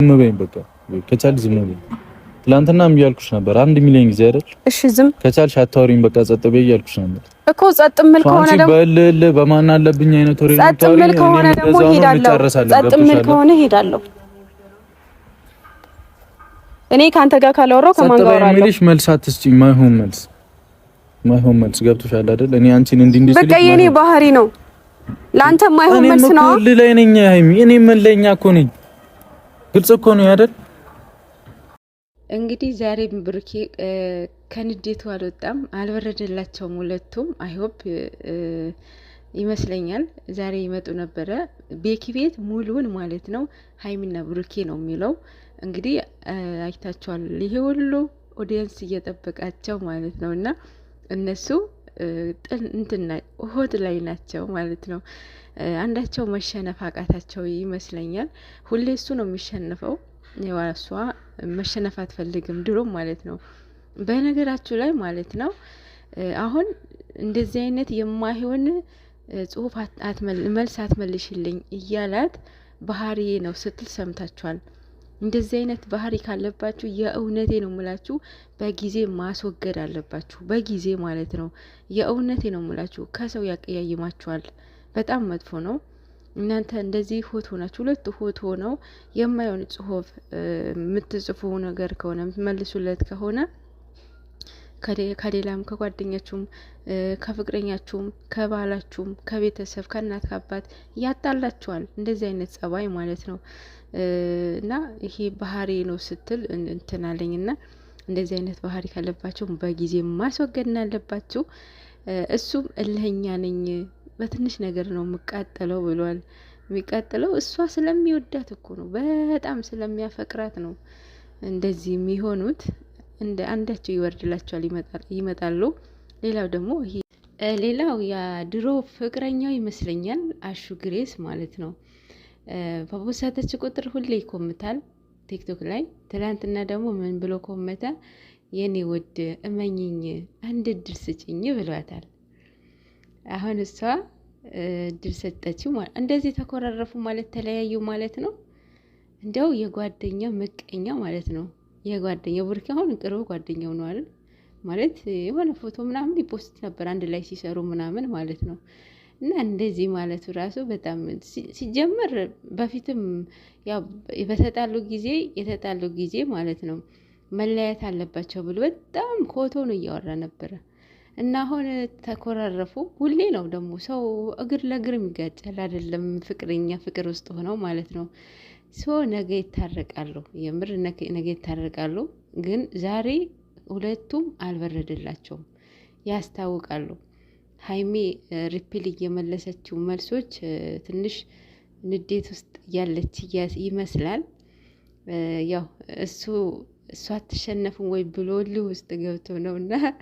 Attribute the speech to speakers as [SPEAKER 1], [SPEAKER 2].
[SPEAKER 1] ዝም በይኝ በቃ ከቻልሽ ዝም በይኝ። ትናንትናም እያልኩሽ ነበር አንድ ሚሊዮን ጊዜ አይደል? እሺ ዝም ከቻልሽ አታወሪኝ በቃ ጸጥ በይ እያልኩሽ ነበር
[SPEAKER 2] እኮ። ጸጥ እምል ከሆነ
[SPEAKER 1] ደግሞ በልል በማን አለብኝ አይነት ወሬ
[SPEAKER 2] ጸጥ እምል ከሆነ ደግሞ ሄዳለሁ። ጸጥ እምል ከሆነ ሄዳለሁ። እኔ ካንተ ጋር ካላወራሁ ከማን
[SPEAKER 1] ጋር አወራለሁ? ጸጥ በይ መልስ አትስጪኝ። ማይሆን መልስ ማይሆን መልስ ገብቶሻል አይደል? እኔ አንቺን እንዲህ እንዲህ
[SPEAKER 2] በቃ የኔ ባህሪ ነው። ላንተ ማይሆን መልስ ነው። እኔ
[SPEAKER 1] ምን ላይ ነኝ? ሃይሚ እኔ ምን ለኛ እኮ ነኝ ግልጽ እኮ ነው ያደል።
[SPEAKER 2] እንግዲህ ዛሬ ብሩኬ ከንዴቱ አልወጣም፣ አልበረደላቸውም ሁለቱም። አይሆፕ ይመስለኛል ዛሬ ይመጡ ነበረ ቤኪ ቤት ሙሉውን ማለት ነው። ሀይሚና ብሩኬ ነው የሚለው እንግዲህ አይታችኋል ይሄ ሁሉ ኦዲየንስ እየጠበቃቸው ማለት ነው እና እነሱ ሆድ ላይ ናቸው ማለት ነው። አንዳቸው መሸነፍ አቃታቸው ይመስለኛል። ሁሌ እሱ ነው የሚሸነፈው። እሷ መሸነፍ አትፈልግም ድሮም ማለት ነው። በነገራችሁ ላይ ማለት ነው አሁን እንደዚህ አይነት የማይሆን ጽሁፍ መልስ አትመልሽልኝ እያላት ባህሪዬ ነው ስትል ሰምታችኋል። እንደዚህ አይነት ባህሪ ካለባችሁ የእውነቴ ነው ምላችሁ በጊዜ ማስወገድ አለባችሁ። በጊዜ ማለት ነው። የእውነቴ ነው ምላችሁ ከሰው ያቀያይማችኋል። በጣም መጥፎ ነው። እናንተ እንደዚህ ሆት ሆናችሁ ሁለት ሆት ሆነው የማይሆን ጽሁፍ የምትጽፉ ነገር ከሆነ የምትመልሱለት ከሆነ ከሌላም ከጓደኛችሁም ከፍቅረኛችሁም ከባላችሁም ከቤተሰብ ከእናት ከአባት ያጣላችኋል። እንደዚህ አይነት ጸባይ ማለት ነው እና ይሄ ባህሪ ነው ስትል እንትናለኝ አለኝ እና እንደዚህ አይነት ባህሪ ካለባቸው በጊዜ ማስወገድ አለባችሁ። እሱም እልህኛ ነኝ በትንሽ ነገር ነው የምቃጠለው ብሏል። የሚቃጠለው እሷ ስለሚወዳት እኮ ነው፣ በጣም ስለሚያፈቅራት ነው እንደዚህ የሚሆኑት። እንደ አንዳቸው ይወርድላቸዋል፣ ይመጣሉ። ሌላው ደግሞ ይሄ ሌላው የድሮ ፍቅረኛው ይመስለኛል አሹ ግሬስ ማለት ነው። በቦሳተች ቁጥር ሁሌ ይኮምታል ቲክቶክ ላይ። ትላንትና ደግሞ ምን ብሎ ኮመተ? የኔ ውድ እመኝኝ አንድ እድል ስጭኝ ብሏታል። አሁን እሷ እድል ሰጠችው። እንደዚህ ተኮራረፉ ማለት ተለያዩ ማለት ነው። እንደው የጓደኛ ምቀኛ ማለት ነው። የጓደኛው ብሩኬ አሁን ቅርብ ጓደኛው ነው አይደል? ማለት የሆነ ፎቶ ምናምን ሊፖስት ነበር አንድ ላይ ሲሰሩ ምናምን ማለት ነው። እና እንደዚህ ማለቱ ራሱ በጣም ሲጀመር በፊትም ያው በተጣሉ ጊዜ የተጣሉ ጊዜ ማለት ነው መለያየት አለባቸው ብሎ በጣም ኮቶ ነው እያወራ ነበረ። እና አሁን ተኮራረፉ። ሁሌ ነው ደግሞ ሰው እግር ለእግር ይጋጫል አይደለም? ፍቅረኛ ፍቅር ውስጥ ሆነው ማለት ነው ሶ ነገ ይታረቃሉ። የምር ነገ ይታረቃሉ። ግን ዛሬ ሁለቱም አልበረደላቸውም፣ ያስታውቃሉ። ሀይሜ ሪፕል እየመለሰችው መልሶች ትንሽ ንዴት ውስጥ ያለች ይመስላል። ያው እሱ እሷ አትሸነፍም ወይ ብሎልህ ውስጥ ገብቶ ነው እና